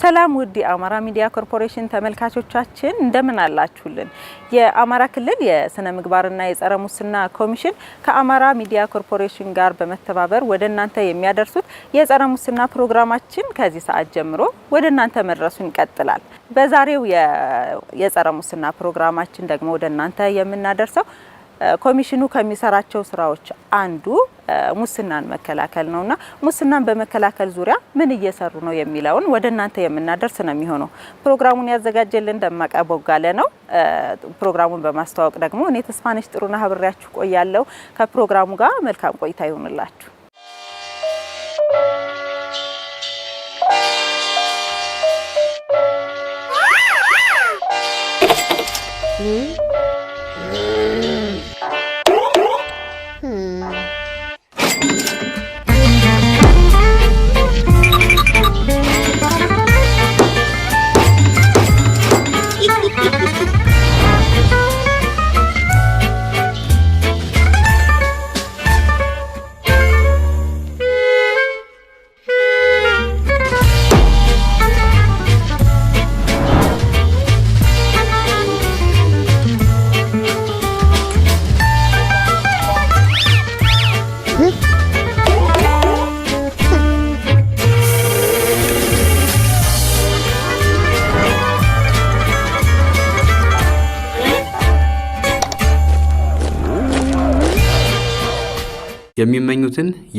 ሰላም ውድ የአማራ ሚዲያ ኮርፖሬሽን ተመልካቾቻችን እንደምን አላችሁልን? የአማራ ክልል የስነ ምግባርና የጸረ ሙስና ኮሚሽን ከአማራ ሚዲያ ኮርፖሬሽን ጋር በመተባበር ወደ እናንተ የሚያደርሱት የጸረ ሙስና ፕሮግራማችን ከዚህ ሰዓት ጀምሮ ወደ እናንተ መድረሱን ይቀጥላል። በዛሬው የጸረ ሙስና ፕሮግራማችን ደግሞ ወደ እናንተ የምናደርሰው ኮሚሽኑ ከሚሰራቸው ስራዎች አንዱ ሙስናን መከላከል ነውና ሙስናን በመከላከል ዙሪያ ምን እየሰሩ ነው የሚለውን ወደ እናንተ የምናደርስ ነው የሚሆነው። ፕሮግራሙን ያዘጋጀልን ደማቃ ቦጋለ ነው። ፕሮግራሙን በማስተዋወቅ ደግሞ እኔ ተስፋነሽ ጥሩና ሀብሬያችሁ ቆያለው። ከፕሮግራሙ ጋር መልካም ቆይታ ይሆንላችሁ። Mm-hmm.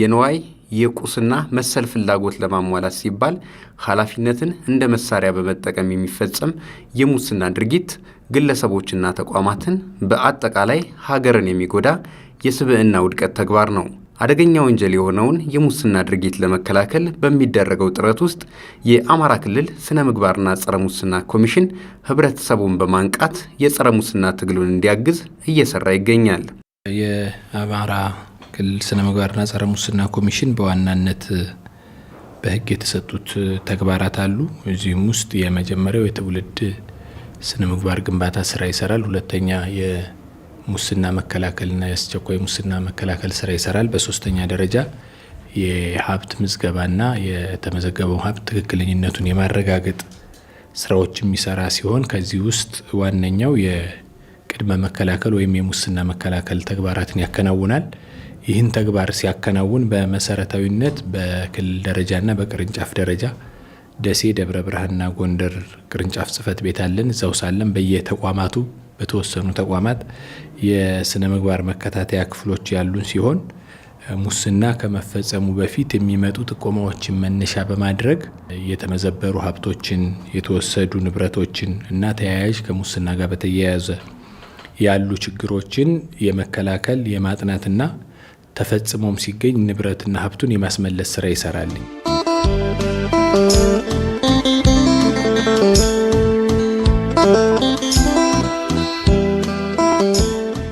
የነዋይ የቁስና መሰል ፍላጎት ለማሟላት ሲባል ኃላፊነትን እንደ መሳሪያ በመጠቀም የሚፈጸም የሙስና ድርጊት ግለሰቦችና ተቋማትን በአጠቃላይ ሀገርን የሚጎዳ የስብዕና ውድቀት ተግባር ነው። አደገኛ ወንጀል የሆነውን የሙስና ድርጊት ለመከላከል በሚደረገው ጥረት ውስጥ የአማራ ክልል ስነ ምግባርና ጸረ ሙስና ኮሚሽን ህብረተሰቡን በማንቃት የጸረ ሙስና ትግሉን እንዲያግዝ እየሰራ ይገኛል። የአማራ ክልል ስነ ምግባርና ጸረ ሙስና ኮሚሽን በዋናነት በህግ የተሰጡት ተግባራት አሉ። እዚህም ውስጥ የመጀመሪያው የትውልድ ስነ ምግባር ግንባታ ስራ ይሰራል። ሁለተኛ የሙስና መከላከልና የአስቸኳይ ሙስና መከላከል ስራ ይሰራል። በሶስተኛ ደረጃ የሀብት ምዝገባና የተመዘገበው ሀብት ትክክለኝነቱን የማረጋገጥ ስራዎች የሚሰራ ሲሆን ከዚህ ውስጥ ዋነኛው የቅድመ መከላከል ወይም የሙስና መከላከል ተግባራትን ያከናውናል። ይህን ተግባር ሲያከናውን በመሰረታዊነት በክልል ደረጃና በቅርንጫፍ ደረጃ ደሴ፣ ደብረ ብርሃንና ጎንደር ቅርንጫፍ ጽህፈት ቤት አለን። እዛው ሳለን በየተቋማቱ በተወሰኑ ተቋማት የስነ ምግባር መከታተያ ክፍሎች ያሉን ሲሆን ሙስና ከመፈጸሙ በፊት የሚመጡ ጥቆማዎችን መነሻ በማድረግ የተመዘበሩ ሀብቶችን፣ የተወሰዱ ንብረቶችን እና ተያያዥ ከሙስና ጋር በተያያዘ ያሉ ችግሮችን የመከላከል የማጥናትና ተፈጽሞም ሲገኝ ንብረትና ሀብቱን የማስመለስ ስራ ይሰራል።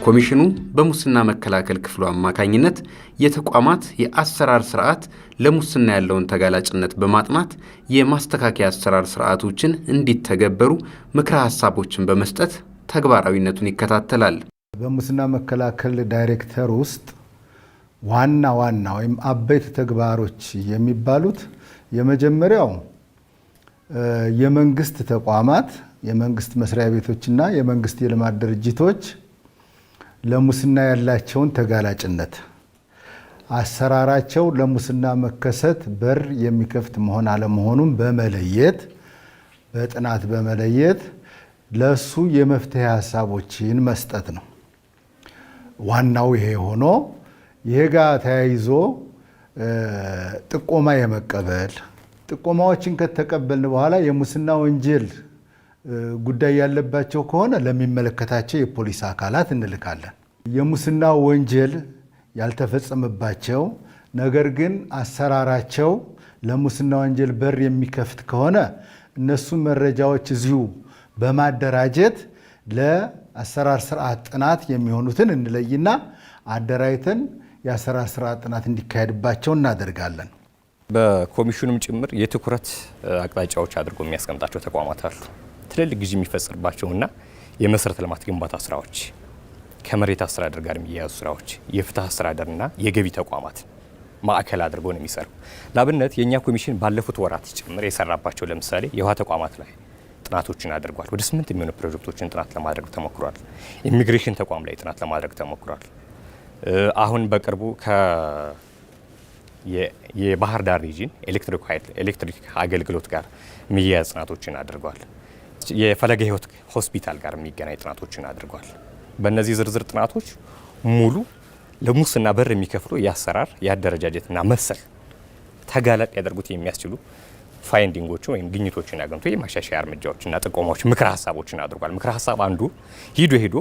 ኮሚሽኑ በሙስና መከላከል ክፍሉ አማካኝነት የተቋማት የአሰራር ስርዓት ለሙስና ያለውን ተጋላጭነት በማጥናት የማስተካከያ አሰራር ስርዓቶችን እንዲተገበሩ ምክረ ሀሳቦችን በመስጠት ተግባራዊነቱን ይከታተላል። በሙስና መከላከል ዳይሬክተር ውስጥ ዋና ዋና ወይም አበይት ተግባሮች የሚባሉት የመጀመሪያው የመንግስት ተቋማት የመንግስት መስሪያ ቤቶችና የመንግስት የልማት ድርጅቶች ለሙስና ያላቸውን ተጋላጭነት አሰራራቸው ለሙስና መከሰት በር የሚከፍት መሆን አለመሆኑን በመለየት በጥናት በመለየት ለሱ የመፍትሄ ሀሳቦችን መስጠት ነው። ዋናው ይሄ ሆኖ ይሄ ጋር ተያይዞ ጥቆማ የመቀበል ጥቆማዎችን ከተቀበልን በኋላ የሙስና ወንጀል ጉዳይ ያለባቸው ከሆነ ለሚመለከታቸው የፖሊስ አካላት እንልካለን። የሙስና ወንጀል ያልተፈጸመባቸው ነገር ግን አሰራራቸው ለሙስና ወንጀል በር የሚከፍት ከሆነ እነሱ መረጃዎች እዚሁ በማደራጀት ለአሰራር ስርዓት ጥናት የሚሆኑትን እንለይና አደራጅተን የአሰራ ስራ ጥናት እንዲካሄድባቸው እናደርጋለን። በኮሚሽኑም ጭምር የትኩረት አቅጣጫዎች አድርጎ የሚያስቀምጣቸው ተቋማት አሉ። ትልልቅ ግዢ የሚፈጽርባቸውና የመሰረተ ልማት ግንባታ ስራዎች፣ ከመሬት አስተዳደር ጋር የሚያያዙ ስራዎች፣ የፍትህ አስተዳደርና የገቢ ተቋማት ማዕከል አድርጎ ነው የሚሰሩ። ለአብነት የእኛ ኮሚሽን ባለፉት ወራት ጭምር የሰራባቸው ለምሳሌ የውሃ ተቋማት ላይ ጥናቶችን አድርጓል። ወደ ስምንት የሚሆኑ ፕሮጀክቶችን ጥናት ለማድረግ ተሞክሯል። ኢሚግሬሽን ተቋም ላይ ጥናት ለማድረግ ተሞክሯል። አሁን በቅርቡ የባህር ዳር ሪጅን ኤሌክትሪክ አገልግሎት ጋር የሚያያዝ ጥናቶችን አድርጓል። የፈለገ ህይወት ሆስፒታል ጋር የሚገናኝ ጥናቶችን አድርጓል። በእነዚህ ዝርዝር ጥናቶች ሙሉ ለሙስና በር የሚከፍሉ የአሰራር የአደረጃጀትና መሰል ተጋላጭ ያደርጉት የሚያስችሉ ፋይንዲንጎች ወይም ግኝቶችን አግኝቶ የማሻሻያ እርምጃዎችና ጥቆማዎች፣ ምክረ ሀሳቦችን አድርጓል። ምክረ ሀሳብ አንዱ ሂዶ ሂዶ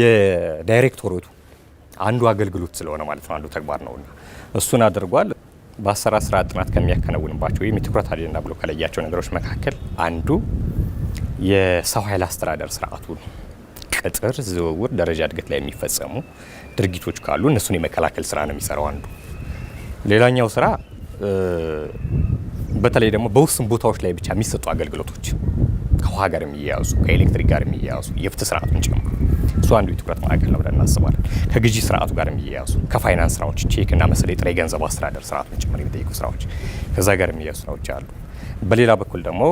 የዳይሬክቶሬቱ አንዱ አገልግሎት ስለሆነ ማለት ነው አንዱ ተግባር ነውና እሱን አድርጓል። በአሰራር ስራ ጥናት ከሚያከናውንባቸው ወይም የትኩረት አጀንዳ ብሎ ከለያቸው ነገሮች መካከል አንዱ የሰው ኃይል አስተዳደር ስርዓቱን ቅጥር፣ ዝውውር፣ ደረጃ እድገት ላይ የሚፈጸሙ ድርጊቶች ካሉ እነሱን የመከላከል ስራ ነው የሚሰራው አንዱ። ሌላኛው ስራ በተለይ ደግሞ በውስን ቦታዎች ላይ ብቻ የሚሰጡ አገልግሎቶች ከውሃ ጋር የሚያያዙ ከኤሌክትሪክ ጋር የሚያያዙ የፍትህ ስርዓቱን ጨምሮ እሱ አንዱ የትኩረት ማዕከል ነው ብለን እናስባለን። ከግዢ ስርዓቱ ጋር የሚያያዙ ከፋይናንስ ስራዎች፣ ቼክ እና መሰለ የጥሬ ገንዘብ አስተዳደር ስርዓቱን ጭምር የሚጠይቁ ስራዎች ከዛ ጋር የሚያያዙ ስራዎች አሉ። በሌላ በኩል ደግሞ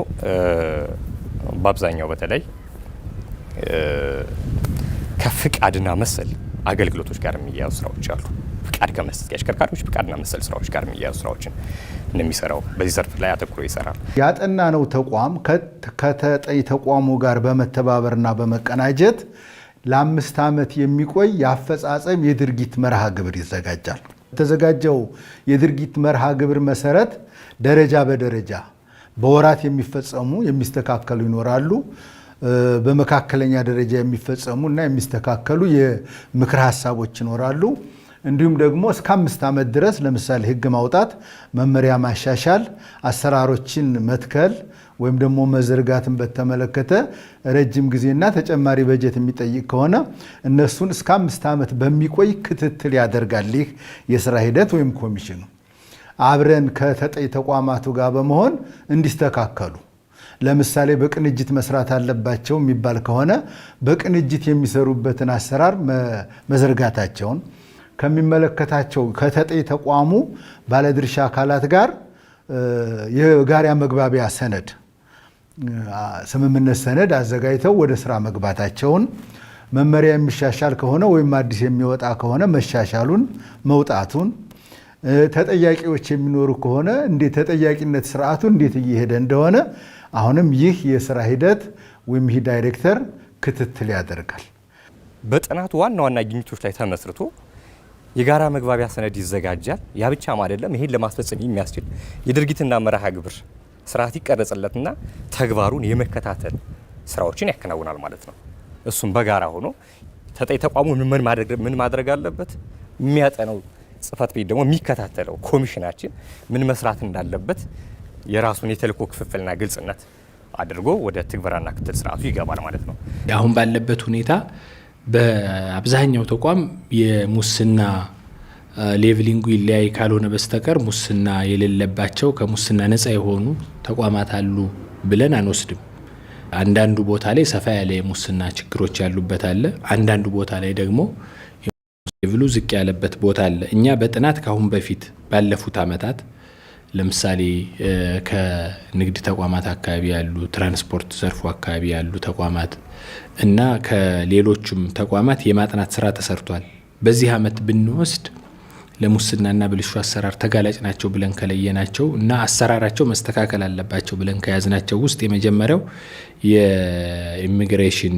በአብዛኛው በተለይ ከፍቃድና መሰል አገልግሎቶች ጋር የሚያያዙ ስራዎች አሉ። ፍቃድ ከመስጠት የአሽከርካሪዎች ፍቃድና መሰል ስራዎች ጋር የሚያያዙ ስራዎችን እንደሚሰራው በዚህ ዘርፍ ላይ አተኩሮ ይሰራል። ያጠና ነው ተቋም ከተጠይ ተቋሙ ጋር በመተባበርና በመቀናጀት ለአምስት ዓመት የሚቆይ የአፈጻጸም የድርጊት መርሃ ግብር ይዘጋጃል። የተዘጋጀው የድርጊት መርሃ ግብር መሰረት ደረጃ በደረጃ በወራት የሚፈጸሙ የሚስተካከሉ ይኖራሉ። በመካከለኛ ደረጃ የሚፈጸሙ እና የሚስተካከሉ የምክር ሀሳቦች ይኖራሉ። እንዲሁም ደግሞ እስከ አምስት ዓመት ድረስ ለምሳሌ ሕግ ማውጣት፣ መመሪያ ማሻሻል፣ አሰራሮችን መትከል ወይም ደግሞ መዘርጋትን በተመለከተ ረጅም ጊዜና ተጨማሪ በጀት የሚጠይቅ ከሆነ እነሱን እስከ አምስት ዓመት በሚቆይ ክትትል ያደርጋል። ይህ የስራ ሂደት ወይም ኮሚሽኑ አብረን ከተጠይ ተቋማቱ ጋር በመሆን እንዲስተካከሉ ለምሳሌ በቅንጅት መስራት አለባቸው የሚባል ከሆነ በቅንጅት የሚሰሩበትን አሰራር መዘርጋታቸውን ከሚመለከታቸው ከተጠይ ተቋሙ ባለድርሻ አካላት ጋር የጋራ መግባቢያ ሰነድ ስምምነት ሰነድ አዘጋጅተው ወደ ስራ መግባታቸውን መመሪያ የሚሻሻል ከሆነ ወይም አዲስ የሚወጣ ከሆነ መሻሻሉን መውጣቱን ተጠያቂዎች የሚኖሩ ከሆነ እንዴት ተጠያቂነት ስርዓቱ እንዴት እየሄደ እንደሆነ አሁንም ይህ የስራ ሂደት ወይም ይህ ዳይሬክተር ክትትል ያደርጋል። በጥናቱ ዋና ዋና ግኝቶች ላይ ተመስርቶ የጋራ መግባቢያ ሰነድ ይዘጋጃል። ያ ብቻም አይደለም፣ ይሄን ለማስፈጸም የሚያስችል የድርጊትና መርሃ ግብር ስርዓት ይቀረጽለትና ተግባሩን የመከታተል ስራዎችን ያከናውናል ማለት ነው። እሱም በጋራ ሆኖ ተጠይ ተቋሙ ምን ማድረግ ምን ማድረግ አለበት የሚያጠነው ጽህፈት ቤት ደግሞ የሚከታተለው ኮሚሽናችን ምን መስራት እንዳለበት የራሱን የተልእኮ ክፍፍልና ግልጽነት አድርጎ ወደ ትግበራና ክትል ስርዓቱ ይገባል ማለት ነው። አሁን ባለበት ሁኔታ በአብዛኛው ተቋም የሙስና ሌቭሊንጉ ይለያይ ካልሆነ በስተቀር ሙስና የሌለባቸው ከሙስና ነጻ የሆኑ ተቋማት አሉ ብለን አንወስድም። አንዳንዱ ቦታ ላይ ሰፋ ያለ የሙስና ችግሮች ያሉበት አለ። አንዳንዱ ቦታ ላይ ደግሞ ሌቭሉ ዝቅ ያለበት ቦታ አለ። እኛ በጥናት ከአሁን በፊት ባለፉት ዓመታት ለምሳሌ ከንግድ ተቋማት አካባቢ ያሉ ትራንስፖርት ዘርፉ አካባቢ ያሉ ተቋማት እና ከሌሎቹም ተቋማት የማጥናት ስራ ተሰርቷል። በዚህ ዓመት ብንወስድ ለሙስናና ብልሹ አሰራር ተጋላጭ ናቸው ብለን ከለየናቸው እና አሰራራቸው መስተካከል አለባቸው ብለን ከያዝናቸው ውስጥ የመጀመሪያው የኢሚግሬሽን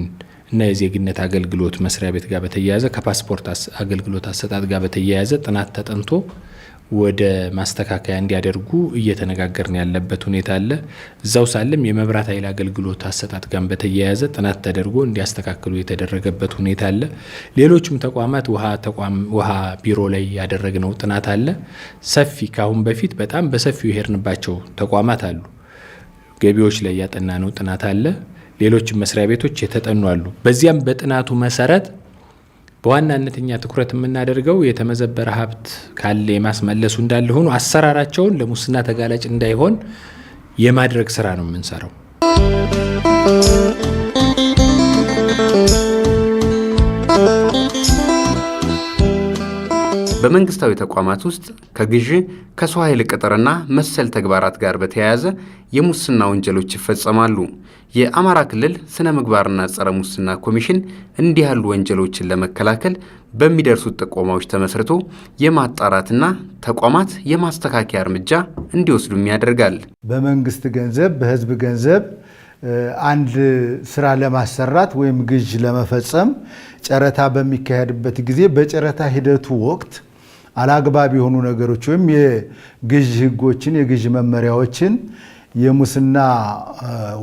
እና የዜግነት አገልግሎት መስሪያ ቤት ጋር በተያያዘ ከፓስፖርት አገልግሎት አሰጣጥ ጋር በተያያዘ ጥናት ተጠንቶ ወደ ማስተካከያ እንዲያደርጉ እየተነጋገርን ያለበት ሁኔታ አለ። እዛው ሳለም የመብራት ኃይል አገልግሎት አሰጣጥ ጋር በተያያዘ ጥናት ተደርጎ እንዲያስተካክሉ የተደረገበት ሁኔታ አለ። ሌሎችም ተቋማት ውሃ ቢሮ ላይ ያደረግነው ጥናት አለ። ሰፊ ከአሁን በፊት በጣም በሰፊው የሄድንባቸው ተቋማት አሉ። ገቢዎች ላይ ያጠናነው ጥናት አለ። ሌሎችም መስሪያ ቤቶች የተጠኑ አሉ። በዚያም በጥናቱ መሰረት በዋናነት እኛ ትኩረት የምናደርገው የተመዘበረ ሀብት ካለ የማስመለሱ እንዳለ ሆኖ አሰራራቸውን ለሙስና ተጋላጭ እንዳይሆን የማድረግ ስራ ነው የምንሰራው። በመንግስታዊ ተቋማት ውስጥ ከግዢ ከሰው ኃይል ቅጥርና መሰል ተግባራት ጋር በተያያዘ የሙስና ወንጀሎች ይፈጸማሉ። የአማራ ክልል ስነ ምግባርና ጸረ ሙስና ኮሚሽን እንዲህ ያሉ ወንጀሎችን ለመከላከል በሚደርሱት ጥቆማዎች ተመስርቶ የማጣራትና ተቋማት የማስተካከያ እርምጃ እንዲወስዱም ያደርጋል። በመንግስት ገንዘብ፣ በህዝብ ገንዘብ አንድ ስራ ለማሰራት ወይም ግዥ ለመፈጸም ጨረታ በሚካሄድበት ጊዜ በጨረታ ሂደቱ ወቅት አላግባብ የሆኑ ነገሮች ወይም የግዥ ህጎችን የግዥ መመሪያዎችን የሙስና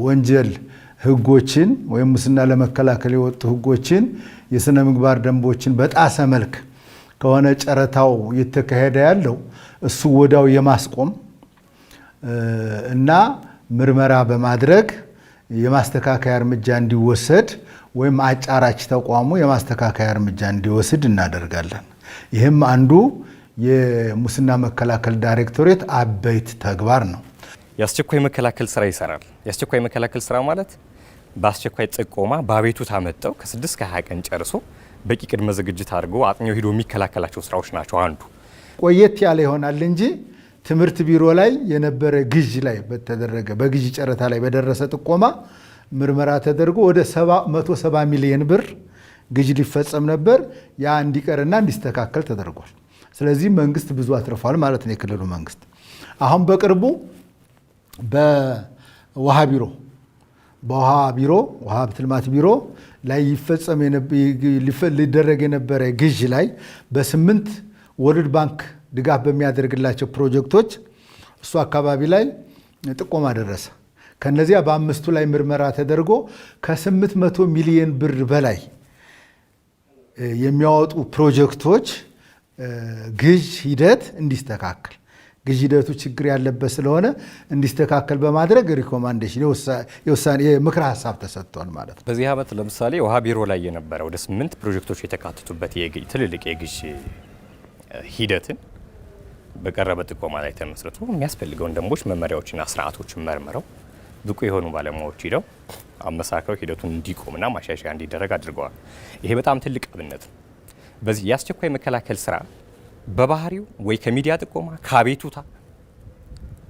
ወንጀል ህጎችን ወይም ሙስና ለመከላከል የወጡ ህጎችን፣ የስነ ምግባር ደንቦችን በጣሰ መልክ ከሆነ ጨረታው እየተካሄደ ያለው እሱ ወዳው የማስቆም እና ምርመራ በማድረግ የማስተካከያ እርምጃ እንዲወሰድ ወይም አጫራች ተቋሙ የማስተካከያ እርምጃ እንዲወስድ እናደርጋለን። ይህም አንዱ የሙስና መከላከል ዳይሬክቶሬት አበይት ተግባር ነው። የአስቸኳይ መከላከል ስራ ይሰራል። የአስቸኳይ መከላከል ስራ ማለት በአስቸኳይ ጥቆማ በአቤቱታ መጥተው ከስድስት ከሀያ ቀን ጨርሶ በቂ ቅድመ ዝግጅት አድርጎ አጥኚው ሂዶ የሚከላከላቸው ስራዎች ናቸው። አንዱ ቆየት ያለ ይሆናል እንጂ ትምህርት ቢሮ ላይ የነበረ ግዥ ላይ በተደረገ በግዥ ጨረታ ላይ በደረሰ ጥቆማ ምርመራ ተደርጎ ወደ 170 ሚሊዮን ብር ግዥ ሊፈጸም ነበር። ያ እንዲቀርና እንዲስተካከል ተደርጓል። ስለዚህ መንግስት ብዙ አትርፏል ማለት ነው። የክልሉ መንግስት አሁን በቅርቡ በውሃ ቢሮ በውሃ ቢሮ ውሃ ልማት ቢሮ ላይ ይፈጸም ሊደረግ የነበረ ግዥ ላይ በስምንት ወርልድ ባንክ ድጋፍ በሚያደርግላቸው ፕሮጀክቶች እሱ አካባቢ ላይ ጥቆማ ደረሰ። ከነዚያ በአምስቱ ላይ ምርመራ ተደርጎ ከ800 ሚሊዮን ብር በላይ የሚያወጡ ፕሮጀክቶች ግዥ ሂደት እንዲስተካከል ግዥ ሂደቱ ችግር ያለበት ስለሆነ እንዲስተካከል በማድረግ ሪኮማንዴሽን የውሳኔ ምክረ ሀሳብ ተሰጥቷል ማለት ነው። በዚህ ዓመት ለምሳሌ ውሃ ቢሮ ላይ የነበረ ወደ ስምንት ፕሮጀክቶች የተካተቱበት ትልልቅ የግዥ ሂደትን በቀረበ ጥቆማ ላይ ተመስርቶ የሚያስፈልገውን ደንቦች፣ መመሪያዎችና ስርዓቶችን መርምረው ብቁ የሆኑ ባለሙያዎች ሂደው አመሳክረው ሂደቱን እንዲቆምና ማሻሻያ እንዲደረግ አድርገዋል። ይሄ በጣም ትልቅ አብነት ነው። በዚህ የአስቸኳይ መከላከል ስራ በባህሪው ወይ ከሚዲያ ጥቆማ ከአቤቱታ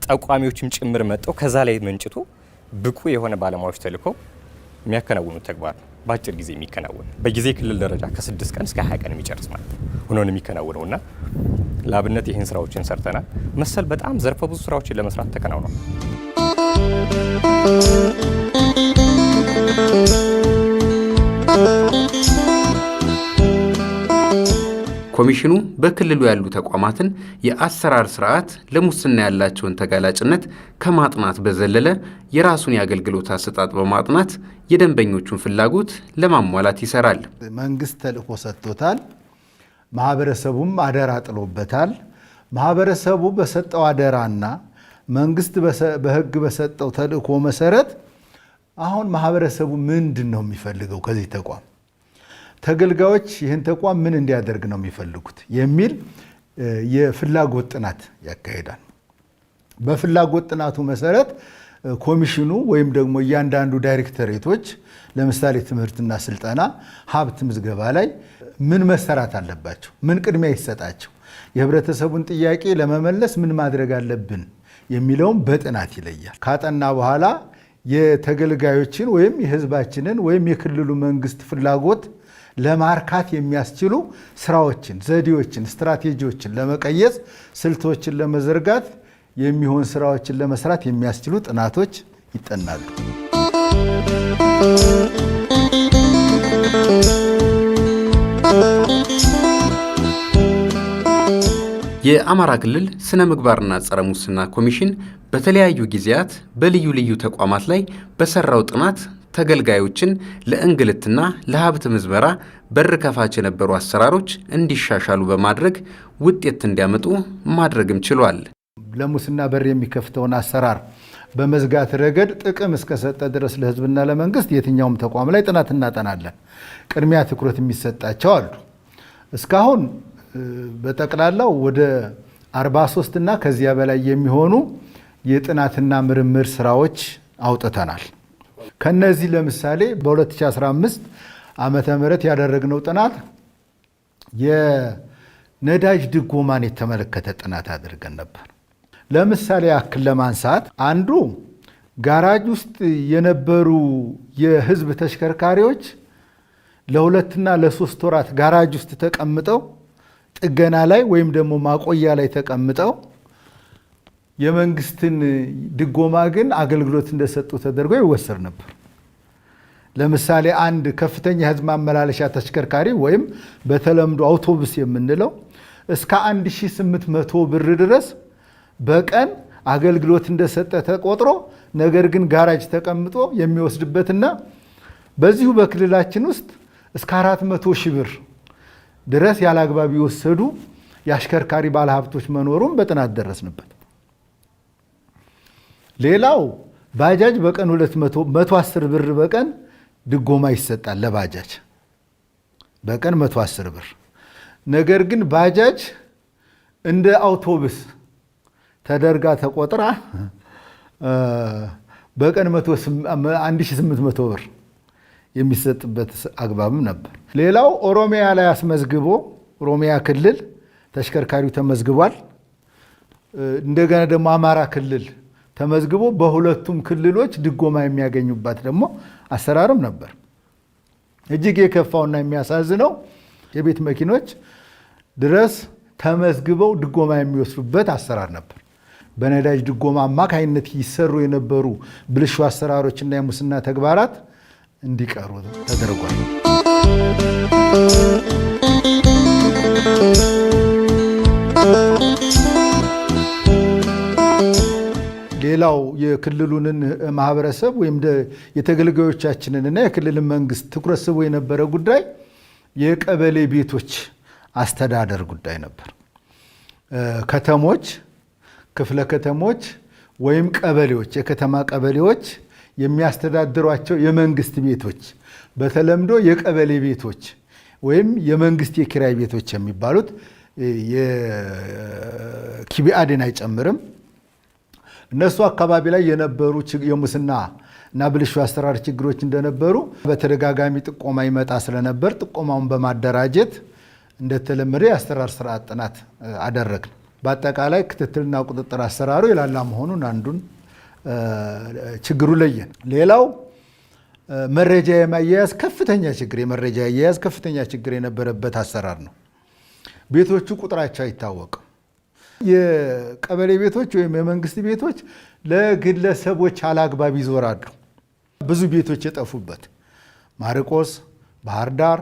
ጠቋሚዎችም ጭምር መጠው ከዛ ላይ መንጭቶ ብቁ የሆነ ባለሙያዎች ተልኮ የሚያከናውኑት ተግባር ነው። በአጭር ጊዜ የሚከናወን በጊዜ ክልል ደረጃ ከስድስት ቀን እስከ ሀያ ቀን የሚጨርስ ማለት ሆኖን የሚከናውነው። እና ለአብነት ይህን ስራዎችን ሰርተናል። መሰል በጣም ዘርፈ ብዙ ስራዎችን ለመስራት ተከናውኗል። ኮሚሽኑ በክልሉ ያሉ ተቋማትን የአሰራር ስርዓት ለሙስና ያላቸውን ተጋላጭነት ከማጥናት በዘለለ የራሱን የአገልግሎት አሰጣጥ በማጥናት የደንበኞቹን ፍላጎት ለማሟላት ይሰራል። መንግስት ተልእኮ ሰጥቶታል። ማህበረሰቡም አደራ ጥሎበታል። ማህበረሰቡ በሰጠው አደራና መንግስት በህግ በሰጠው ተልእኮ መሰረት አሁን ማህበረሰቡ ምንድን ነው የሚፈልገው ከዚህ ተቋም ተገልጋዮች ይህን ተቋም ምን እንዲያደርግ ነው የሚፈልጉት የሚል የፍላጎት ጥናት ያካሂዳል። በፍላጎት ጥናቱ መሰረት ኮሚሽኑ ወይም ደግሞ እያንዳንዱ ዳይሬክተሬቶች ለምሳሌ ትምህርትና ስልጠና፣ ሀብት ምዝገባ ላይ ምን መሰራት አለባቸው? ምን ቅድሚያ ይሰጣቸው? የህብረተሰቡን ጥያቄ ለመመለስ ምን ማድረግ አለብን የሚለውም በጥናት ይለያል። ካጠና በኋላ የተገልጋዮችን ወይም የህዝባችንን ወይም የክልሉ መንግስት ፍላጎት ለማርካት የሚያስችሉ ስራዎችን፣ ዘዴዎችን፣ ስትራቴጂዎችን ለመቀየስ ስልቶችን ለመዘርጋት የሚሆን ስራዎችን ለመስራት የሚያስችሉ ጥናቶች ይጠናሉ። የአማራ ክልል ስነ ምግባርና ጸረ ሙስና ኮሚሽን በተለያዩ ጊዜያት በልዩ ልዩ ተቋማት ላይ በሰራው ጥናት ተገልጋዮችን ለእንግልትና ለሀብት ምዝበራ በር ከፋች የነበሩ አሰራሮች እንዲሻሻሉ በማድረግ ውጤት እንዲያመጡ ማድረግም ችሏል። ለሙስና በር የሚከፍተውን አሰራር በመዝጋት ረገድ ጥቅም እስከሰጠ ድረስ ለሕዝብና ለመንግስት የትኛውም ተቋም ላይ ጥናት እናጠናለን። ቅድሚያ ትኩረት የሚሰጣቸው አሉ። እስካሁን በጠቅላላው ወደ 43 እና ከዚያ በላይ የሚሆኑ የጥናትና ምርምር ስራዎች አውጥተናል። ከነዚህ ለምሳሌ በ2015 ዓመተ ምህረት ያደረግነው ጥናት የነዳጅ ድጎማን የተመለከተ ጥናት አድርገን ነበር። ለምሳሌ ያክል ለማንሳት አንዱ ጋራጅ ውስጥ የነበሩ የህዝብ ተሽከርካሪዎች ለሁለትና ለሶስት ወራት ጋራጅ ውስጥ ተቀምጠው ጥገና ላይ ወይም ደግሞ ማቆያ ላይ ተቀምጠው የመንግስትን ድጎማ ግን አገልግሎት እንደሰጡ ተደርጎ ይወሰድ ነበር። ለምሳሌ አንድ ከፍተኛ የህዝብ ማመላለሻ ተሽከርካሪ ወይም በተለምዶ አውቶቡስ የምንለው እስከ 1800 ብር ድረስ በቀን አገልግሎት እንደሰጠ ተቆጥሮ ነገር ግን ጋራጅ ተቀምጦ የሚወስድበትና በዚሁ በክልላችን ውስጥ እስከ 400 ሺህ ብር ድረስ ያለ አግባብ የወሰዱ የአሽከርካሪ ባለሀብቶች መኖሩን በጥናት ደረስንበት። ሌላው ባጃጅ በቀን 210 ብር በቀን ድጎማ ይሰጣል ለባጃጅ በቀን 110 ብር። ነገር ግን ባጃጅ እንደ አውቶቡስ ተደርጋ ተቆጥራ በቀን 1800 ብር የሚሰጥበት አግባብም ነበር። ሌላው ኦሮሚያ ላይ አስመዝግቦ ኦሮሚያ ክልል ተሽከርካሪው ተመዝግቧል። እንደገና ደግሞ አማራ ክልል ተመዝግቦ በሁለቱም ክልሎች ድጎማ የሚያገኙባት ደግሞ አሰራርም ነበር። እጅግ የከፋውና የሚያሳዝነው የቤት መኪኖች ድረስ ተመዝግበው ድጎማ የሚወስዱበት አሰራር ነበር። በነዳጅ ድጎማ አማካይነት ይሰሩ የነበሩ ብልሹ አሰራሮችና የሙስና ተግባራት እንዲቀሩ ተደርጓል። ያው የክልሉንን ማህበረሰብ ወይም የተገልጋዮቻችንን እና የክልልን መንግስት ትኩረት ስቦ የነበረ ጉዳይ የቀበሌ ቤቶች አስተዳደር ጉዳይ ነበር። ከተሞች፣ ክፍለ ከተሞች ወይም ቀበሌዎች፣ የከተማ ቀበሌዎች የሚያስተዳድሯቸው የመንግስት ቤቶች በተለምዶ የቀበሌ ቤቶች ወይም የመንግስት የኪራይ ቤቶች የሚባሉት የኪቢአዴን አይጨምርም። እነሱ አካባቢ ላይ የነበሩ የሙስና እና ብልሹ አሰራር ችግሮች እንደነበሩ በተደጋጋሚ ጥቆማ ይመጣ ስለነበር ጥቆማውን በማደራጀት እንደተለመደ የአሰራር ስርዓት ጥናት አደረግን። በአጠቃላይ ክትትልና ቁጥጥር አሰራሩ የላላ መሆኑን አንዱን ችግሩ ለየን። ሌላው መረጃ የማያያዝ ከፍተኛ ችግር የመረጃ አያያዝ ከፍተኛ ችግር የነበረበት አሰራር ነው። ቤቶቹ ቁጥራቸው አይታወቅም። የቀበሌ ቤቶች ወይም የመንግስት ቤቶች ለግለሰቦች አላግባብ ይዞራሉ። ብዙ ቤቶች የጠፉበት ማርቆስ፣ ባህር ዳር፣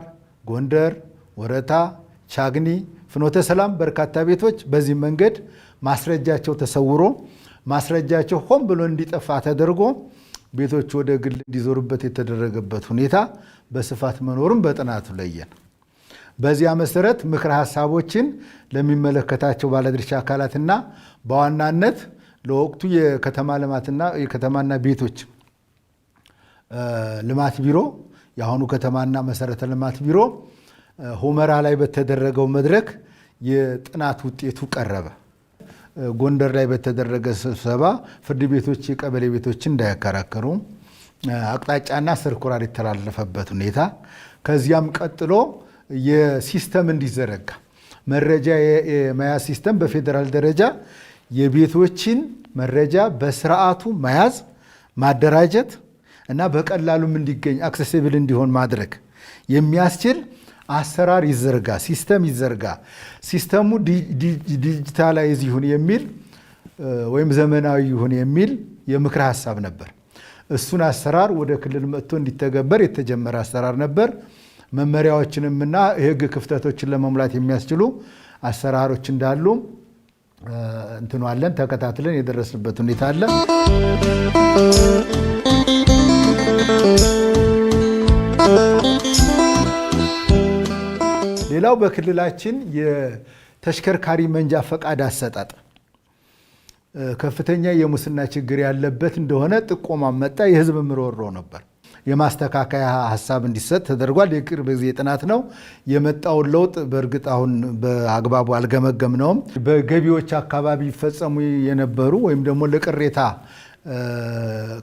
ጎንደር፣ ወረታ፣ ቻግኒ፣ ፍኖተ ሰላም በርካታ ቤቶች በዚህ መንገድ ማስረጃቸው ተሰውሮ ማስረጃቸው ሆን ብሎ እንዲጠፋ ተደርጎ ቤቶች ወደ ግል እንዲዞሩበት የተደረገበት ሁኔታ በስፋት መኖሩም በጥናቱ ለየን። በዚያ መሰረት ምክረ ሀሳቦችን ለሚመለከታቸው ባለድርሻ አካላትና በዋናነት ለወቅቱ የከተማ ልማትና የከተማና ቤቶች ልማት ቢሮ የአሁኑ ከተማና መሰረተ ልማት ቢሮ ሁመራ ላይ በተደረገው መድረክ የጥናት ውጤቱ ቀረበ። ጎንደር ላይ በተደረገ ስብሰባ ፍርድ ቤቶች የቀበሌ ቤቶችን እንዳያከራከሩ አቅጣጫና ስርኩራር የተላለፈበት ሁኔታ ከዚያም ቀጥሎ የሲስተም እንዲዘረጋ መረጃ የመያዝ ሲስተም በፌዴራል ደረጃ የቤቶችን መረጃ በስርዓቱ መያዝ፣ ማደራጀት እና በቀላሉም እንዲገኝ አክሰሲብል እንዲሆን ማድረግ የሚያስችል አሰራር ይዘርጋ፣ ሲስተም ይዘርጋ፣ ሲስተሙ ዲጂታላይዝ ይሁን የሚል ወይም ዘመናዊ ይሁን የሚል የምክር ሀሳብ ነበር። እሱን አሰራር ወደ ክልል መጥቶ እንዲተገበር የተጀመረ አሰራር ነበር። መመሪያዎችንምና የህግ ክፍተቶችን ለመሙላት የሚያስችሉ አሰራሮች እንዳሉ እንትኗለን ተከታትለን የደረስንበት ሁኔታ አለ። ሌላው በክልላችን የተሽከርካሪ መንጃ ፈቃድ አሰጣጥ ከፍተኛ የሙስና ችግር ያለበት እንደሆነ ጥቆማ መጣ። የህዝብ ምሮሮ ነበር። የማስተካከያ ሀሳብ እንዲሰጥ ተደርጓል። የቅርብ ጊዜ ጥናት ነው። የመጣውን ለውጥ በእርግጥ አሁን በአግባቡ አልገመገምነውም። በገቢዎች አካባቢ ይፈጸሙ የነበሩ ወይም ደግሞ ለቅሬታ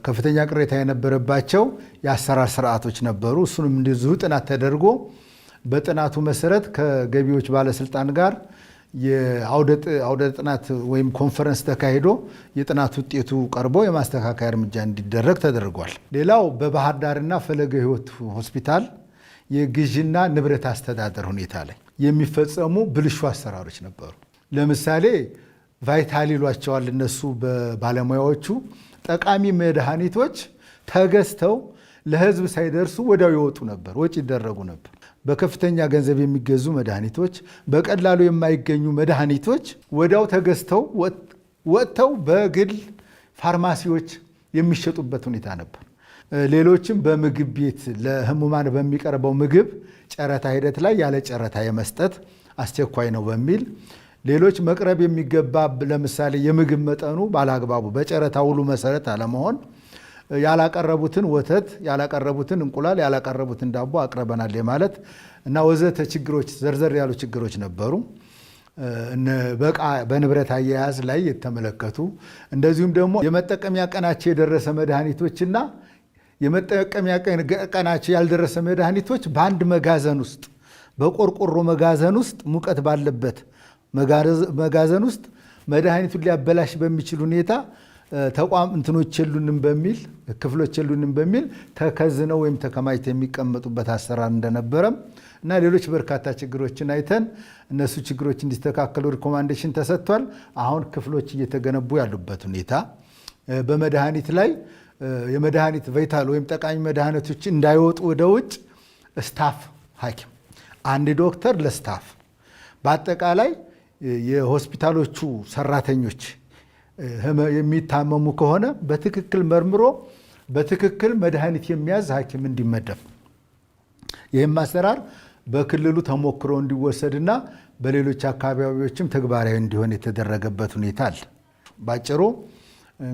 ከፍተኛ ቅሬታ የነበረባቸው የአሰራር ስርዓቶች ነበሩ። እሱንም እንደዚሁ ጥናት ተደርጎ በጥናቱ መሰረት ከገቢዎች ባለስልጣን ጋር የአውደ ጥናት ወይም ኮንፈረንስ ተካሂዶ የጥናት ውጤቱ ቀርቦ የማስተካከያ እርምጃ እንዲደረግ ተደርጓል። ሌላው በባህር ዳርና ፈለገ ሕይወት ሆስፒታል የግዥና ንብረት አስተዳደር ሁኔታ ላይ የሚፈጸሙ ብልሹ አሰራሮች ነበሩ። ለምሳሌ ቫይታል ይሏቸዋል እነሱ በባለሙያዎቹ ጠቃሚ መድኃኒቶች ተገዝተው ለህዝብ ሳይደርሱ ወዲያው ይወጡ ነበር፣ ወጪ ይደረጉ ነበር። በከፍተኛ ገንዘብ የሚገዙ መድኃኒቶች፣ በቀላሉ የማይገኙ መድኃኒቶች ወዲያው ተገዝተው ወጥተው በግል ፋርማሲዎች የሚሸጡበት ሁኔታ ነበር። ሌሎችም በምግብ ቤት ለህሙማን በሚቀርበው ምግብ ጨረታ ሂደት ላይ ያለ ጨረታ የመስጠት አስቸኳይ ነው በሚል ሌሎች መቅረብ የሚገባ ለምሳሌ የምግብ መጠኑ ባለአግባቡ በጨረታ ውሉ መሰረት አለመሆን ያላቀረቡትን ወተት፣ ያላቀረቡትን እንቁላል፣ ያላቀረቡትን ዳቦ አቅርበናል ማለት እና ወዘተ ችግሮች ዘርዘር ያሉ ችግሮች ነበሩ። በቃ በንብረት አያያዝ ላይ የተመለከቱ እንደዚሁም ደግሞ የመጠቀሚያ ቀናቸው የደረሰ መድኃኒቶችና የመጠቀሚያ ቀናቸው ያልደረሰ መድኃኒቶች በአንድ መጋዘን ውስጥ በቆርቆሮ መጋዘን ውስጥ ሙቀት ባለበት መጋዘን ውስጥ መድኃኒቱን ሊያበላሽ በሚችል ሁኔታ ተቋም እንትኖች የሉንም በሚል ክፍሎች የሉንም በሚል ተከዝነው ወይም ተከማችተው የሚቀመጡበት አሰራር እንደነበረም እና ሌሎች በርካታ ችግሮችን አይተን እነሱ ችግሮች እንዲስተካከሉ ሪኮማንዴሽን ተሰጥቷል። አሁን ክፍሎች እየተገነቡ ያሉበት ሁኔታ በመድኃኒት ላይ የመድኃኒት ቫይታል ወይም ጠቃሚ መድኃኒቶች እንዳይወጡ ወደ ውጭ ስታፍ ሐኪም አንድ ዶክተር ለስታፍ በአጠቃላይ የሆስፒታሎቹ ሰራተኞች የሚታመሙ ከሆነ በትክክል መርምሮ በትክክል መድኃኒት የሚያዝ ሐኪም እንዲመደብ ይህም አሰራር በክልሉ ተሞክሮ እንዲወሰድና በሌሎች አካባቢዎችም ተግባራዊ እንዲሆን የተደረገበት ሁኔታ አለ። ባጭሩ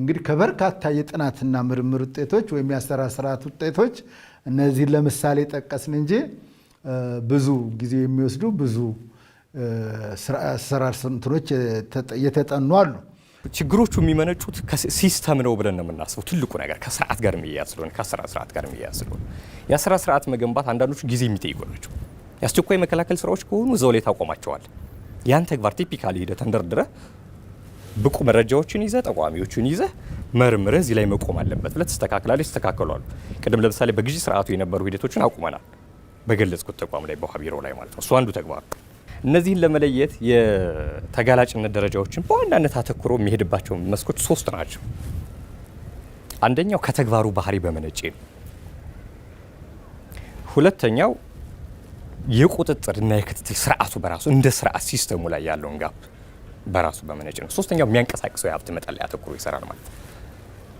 እንግዲህ ከበርካታ የጥናትና ምርምር ውጤቶች ወይም የአሰራር ስርዓት ውጤቶች እነዚህን ለምሳሌ ጠቀስን እንጂ ብዙ ጊዜ የሚወስዱ ብዙ አሰራር ስንትኖች የተጠኑ አሉ። ችግሮቹ የሚመነጩት ሲስተም ነው ብለን ነው የምናስበው። ትልቁ ነገር ከስርዓት ጋር የሚያያዝ ስለሆነ ከስራ ስርዓት ጋር የሚያያዝ ስለሆነ የስራ ስርዓት መገንባት አንዳንዶቹ ጊዜ የሚጠይቁ ናቸው። የአስቸኳይ መከላከል ስራዎች ከሆኑ እዛው ላይ ታቆማቸዋል። ያን ተግባር ቲፒካሊ ሂደ ተንደርድረ ብቁ መረጃዎችን ይዘ ጠቋሚዎችን ይዘ መርምረ እዚህ ላይ መቆም አለበት ብለ ተስተካክላለህ። ተስተካከሏሉ። ቅድም ለምሳሌ በግዢ ስርዓቱ የነበሩ ሂደቶችን አቁመናል፣ በገለጽኩት ተቋም ላይ በውሃ ቢሮ ላይ ማለት ነው። እሱ አንዱ ተግባር እነዚህን ለመለየት የተጋላጭነት ደረጃዎችን በዋናነት አተኩሮ የሚሄድባቸው መስኮች ሶስት ናቸው። አንደኛው ከተግባሩ ባህሪ በመነጨ ነው። ሁለተኛው የቁጥጥር እና የክትትል ስርዓቱ በራሱ እንደ ስርዓት ሲስተሙ ላይ ያለውን ጋፕ በራሱ በመነጨ ነው። ሶስተኛው የሚያንቀሳቅሰው የሀብት መጠን ላይ አተኩሮ ይሰራል ማለት።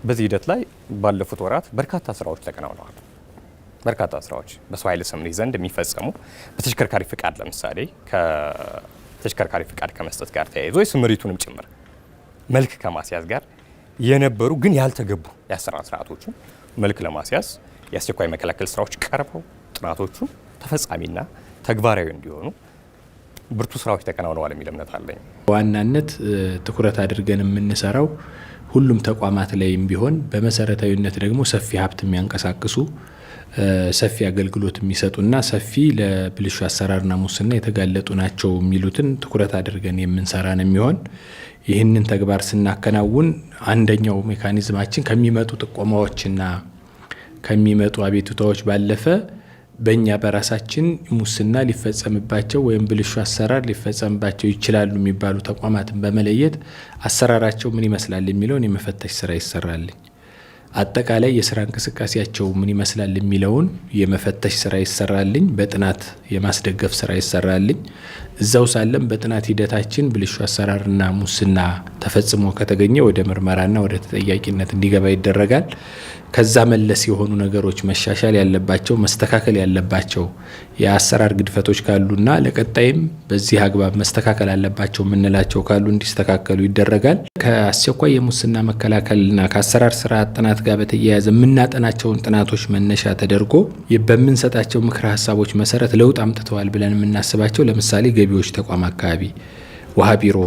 በዚህ ሂደት ላይ ባለፉት ወራት በርካታ ስራዎች ተከናውነዋል። በርካታ ስራዎች በሰው ኃይል ስም ዘንድ የሚፈጸሙ በተሽከርካሪ ፍቃድ ለምሳሌ ከተሽከርካሪ ፍቃድ ከመስጠት ጋር ተያይዞ የስምሪቱንም ጭምር መልክ ከማስያዝ ጋር የነበሩ ግን ያልተገቡ የአሰራር ስርዓቶችን መልክ ለማስያዝ የአስቸኳይ መከላከል ስራዎች ቀርበው ጥናቶቹ ተፈጻሚና ተግባራዊ እንዲሆኑ ብርቱ ስራዎች ተከናውነዋል የሚል እምነት አለኝ። በዋናነት ትኩረት አድርገን የምንሰራው ሁሉም ተቋማት ላይም ቢሆን በመሰረታዊነት ደግሞ ሰፊ ሀብት የሚያንቀሳቅሱ ሰፊ አገልግሎት የሚሰጡና ሰፊ ለብልሹ አሰራርና ሙስና የተጋለጡ ናቸው የሚሉትን ትኩረት አድርገን የምንሰራ ነው የሚሆን። ይህንን ተግባር ስናከናውን አንደኛው ሜካኒዝማችን ከሚመጡ ጥቆማዎችና ከሚመጡ አቤቱታዎች ባለፈ በእኛ በራሳችን ሙስና ሊፈጸምባቸው ወይም ብልሹ አሰራር ሊፈጸምባቸው ይችላሉ የሚባሉ ተቋማትን በመለየት አሰራራቸው ምን ይመስላል የሚለውን የመፈተሽ ስራ ይሰራልኝ። አጠቃላይ የስራ እንቅስቃሴያቸው ምን ይመስላል የሚለውን የመፈተሽ ስራ ይሰራልኝ፣ በጥናት የማስደገፍ ስራ ይሰራልኝ። እዛው ሳለም በጥናት ሂደታችን ብልሹ አሰራርና ሙስና ተፈጽሞ ከተገኘ ወደ ምርመራና ወደ ተጠያቂነት እንዲገባ ይደረጋል። ከዛ መለስ የሆኑ ነገሮች መሻሻል ያለባቸው መስተካከል ያለባቸው የአሰራር ግድፈቶች ካሉና ለቀጣይም በዚህ አግባብ መስተካከል አለባቸው የምንላቸው ካሉ እንዲስተካከሉ ይደረጋል። ከአስቸኳይ የሙስና መከላከልና ከአሰራር ስርዓት ጥናት ጋር በተያያዘ የምናጠናቸውን ጥናቶች መነሻ ተደርጎ በምንሰጣቸው ምክረ ሀሳቦች መሰረት ለውጥ አምጥተዋል ብለን የምናስባቸው ለምሳሌ ገቢዎች ተቋም አካባቢ ውሃ ቢሮ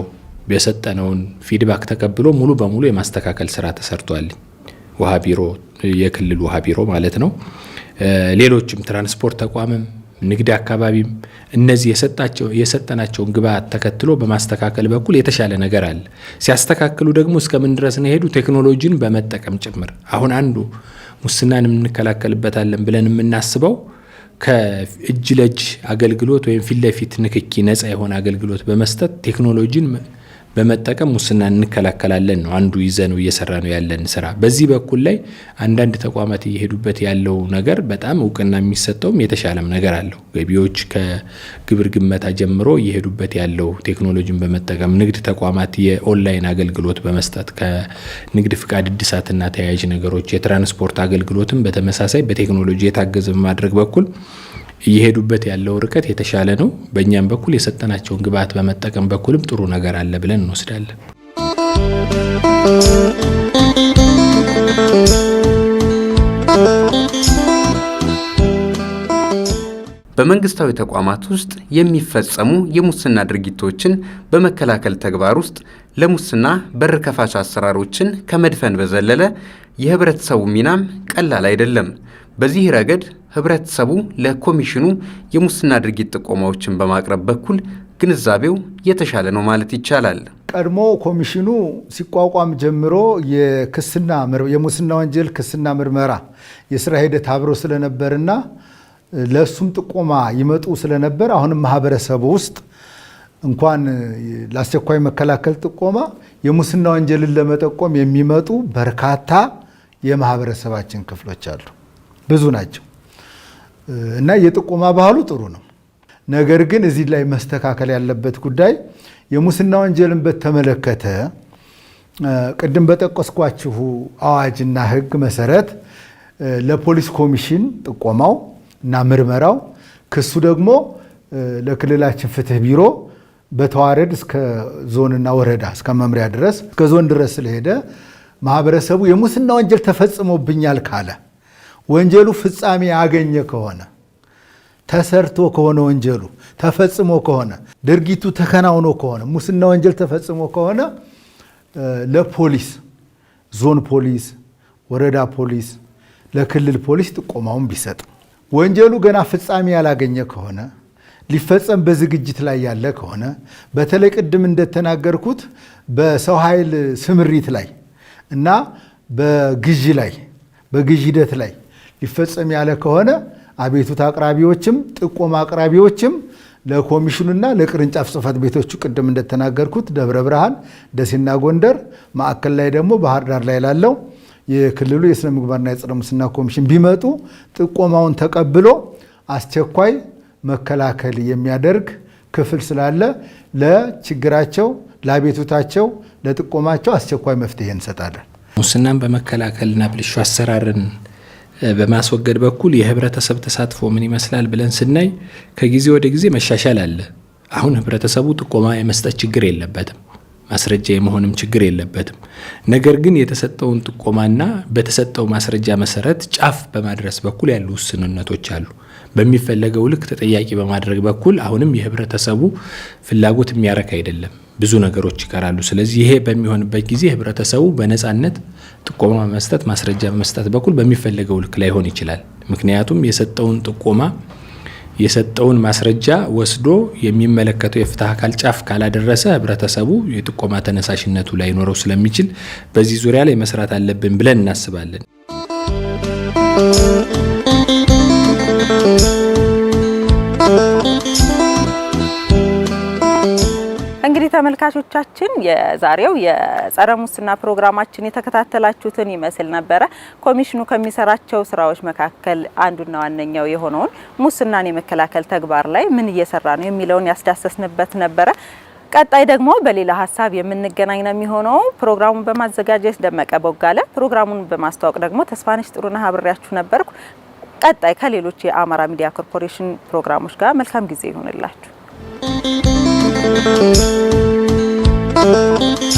የሰጠነውን ፊድባክ ተቀብሎ ሙሉ በሙሉ የማስተካከል ስራ ተሰርቷል። ውሃ ቢሮ የክልል ውሃ ቢሮ ማለት ነው። ሌሎችም ትራንስፖርት ተቋምም ንግድ አካባቢም እነዚህ የሰጣቸው የሰጠናቸውን ግብዓት ተከትሎ በማስተካከል በኩል የተሻለ ነገር አለ። ሲያስተካክሉ ደግሞ እስከምን ድረስ ነው የሄዱ? ቴክኖሎጂን በመጠቀም ጭምር። አሁን አንዱ ሙስናን እንከላከልበታለን ብለን የምናስበው ከእጅ ለእጅ አገልግሎት ወይም ፊት ለፊት ንክኪ ነፃ የሆነ አገልግሎት በመስጠት ቴክኖሎጂን በመጠቀም ሙስና እንከላከላለን ነው አንዱ ይዘነው እየሰራ ነው ያለን ስራ። በዚህ በኩል ላይ አንዳንድ ተቋማት እየሄዱበት ያለው ነገር በጣም እውቅና የሚሰጠውም የተሻለም ነገር አለው። ገቢዎች ከግብር ግመታ ጀምሮ እየሄዱበት ያለው ቴክኖሎጂን በመጠቀም ንግድ ተቋማት የኦንላይን አገልግሎት በመስጠት ከንግድ ፍቃድ እድሳትና ተያያዥ ነገሮች የትራንስፖርት አገልግሎትን በተመሳሳይ በቴክኖሎጂ የታገዘ በማድረግ በኩል እየሄዱበት ያለው ርቀት የተሻለ ነው። በእኛም በኩል የሰጠናቸውን ግብዓት በመጠቀም በኩልም ጥሩ ነገር አለ ብለን እንወስዳለን። በመንግስታዊ ተቋማት ውስጥ የሚፈጸሙ የሙስና ድርጊቶችን በመከላከል ተግባር ውስጥ ለሙስና በር ከፋች አሰራሮችን ከመድፈን በዘለለ የህብረተሰቡ ሚናም ቀላል አይደለም። በዚህ ረገድ ህብረተሰቡ ለኮሚሽኑ የሙስና ድርጊት ጥቆማዎችን በማቅረብ በኩል ግንዛቤው የተሻለ ነው ማለት ይቻላል። ቀድሞ ኮሚሽኑ ሲቋቋም ጀምሮ የክስና የሙስና ወንጀል ክስና ምርመራ የስራ ሂደት አብሮ ስለነበርና ለእሱም ጥቆማ ይመጡ ስለነበር አሁንም ማህበረሰቡ ውስጥ እንኳን ለአስቸኳይ መከላከል ጥቆማ የሙስና ወንጀልን ለመጠቆም የሚመጡ በርካታ የማህበረሰባችን ክፍሎች አሉ፣ ብዙ ናቸው። እና የጥቆማ ባህሉ ጥሩ ነው። ነገር ግን እዚህ ላይ መስተካከል ያለበት ጉዳይ የሙስና ወንጀልን በተመለከተ ቅድም በጠቀስኳችሁ አዋጅና ሕግ መሰረት ለፖሊስ ኮሚሽን ጥቆማው እና ምርመራው ክሱ ደግሞ ለክልላችን ፍትህ ቢሮ በተዋረድ እስከ ዞንና ወረዳ እስከ መምሪያ ድረስ እስከ ዞን ድረስ ስለሄደ ማህበረሰቡ የሙስና ወንጀል ተፈጽሞብኛል ካለ ወንጀሉ ፍጻሜ ያገኘ ከሆነ ተሰርቶ ከሆነ ወንጀሉ ተፈጽሞ ከሆነ ድርጊቱ ተከናውኖ ከሆነ ሙስና ወንጀል ተፈጽሞ ከሆነ ለፖሊስ ዞን ፖሊስ፣ ወረዳ ፖሊስ፣ ለክልል ፖሊስ ጥቆማውን ቢሰጥ ወንጀሉ ገና ፍጻሜ ያላገኘ ከሆነ ሊፈጸም በዝግጅት ላይ ያለ ከሆነ በተለይ ቅድም እንደተናገርኩት በሰው ኃይል ስምሪት ላይ እና በግዢ ላይ በግዢ ሂደት ላይ ሊፈጸም ያለ ከሆነ አቤቱታ አቅራቢዎችም ጥቆማ አቅራቢዎችም ለኮሚሽኑና ለቅርንጫፍ ጽሕፈት ቤቶቹ ቅድም እንደተናገርኩት ደብረ ብርሃን፣ ደሴና ጎንደር፣ ማዕከል ላይ ደግሞ ባህር ዳር ላይ ላለው የክልሉ የስነ ምግባርና የጸረ ሙስና ኮሚሽን ቢመጡ ጥቆማውን ተቀብሎ አስቸኳይ መከላከል የሚያደርግ ክፍል ስላለ ለችግራቸው፣ ለአቤቱታቸው፣ ለጥቆማቸው አስቸኳይ መፍትሄ እንሰጣለን። ሙስናን በመከላከልና ብልሹ አሰራርን በማስወገድ በኩል የህብረተሰብ ተሳትፎ ምን ይመስላል ብለን ስናይ ከጊዜ ወደ ጊዜ መሻሻል አለ። አሁን ህብረተሰቡ ጥቆማ የመስጠት ችግር የለበትም፣ ማስረጃ የመሆንም ችግር የለበትም። ነገር ግን የተሰጠውን ጥቆማና በተሰጠው ማስረጃ መሰረት ጫፍ በማድረስ በኩል ያሉ ውስንነቶች አሉ። በሚፈለገው ልክ ተጠያቂ በማድረግ በኩል አሁንም የህብረተሰቡ ፍላጎት የሚያረክ አይደለም፣ ብዙ ነገሮች ይቀራሉ። ስለዚህ ይሄ በሚሆንበት ጊዜ ህብረተሰቡ በነፃነት ጥቆማ በመስጠት ማስረጃ በመስጠት በኩል በሚፈለገው ልክ ላይሆን ይችላል። ምክንያቱም የሰጠውን ጥቆማ የሰጠውን ማስረጃ ወስዶ የሚመለከተው የፍትህ አካል ጫፍ ካላደረሰ ህብረተሰቡ የጥቆማ ተነሳሽነቱ ላይኖረው ስለሚችል በዚህ ዙሪያ ላይ መስራት አለብን ብለን እናስባለን። ተመልካቾቻችን የዛሬው የጸረ ሙስና ፕሮግራማችን የተከታተላችሁትን ይመስል ነበረ። ኮሚሽኑ ከሚሰራቸው ስራዎች መካከል አንዱና ዋነኛው የሆነውን ሙስናን የመከላከል ተግባር ላይ ምን እየሰራ ነው የሚለውን ያስዳሰስንበት ነበረ። ቀጣይ ደግሞ በሌላ ሀሳብ የምንገናኝ ነው የሚሆነው። ፕሮግራሙን በማዘጋጀት ደመቀ ቦጋለ፣ ፕሮግራሙን በማስተዋወቅ ደግሞ ተስፋነሽ ጥሩና አብሬያችሁ ነበርኩ። ቀጣይ ከሌሎች የአማራ ሚዲያ ኮርፖሬሽን ፕሮግራሞች ጋር መልካም ጊዜ ይሁንላችሁ። Thank you.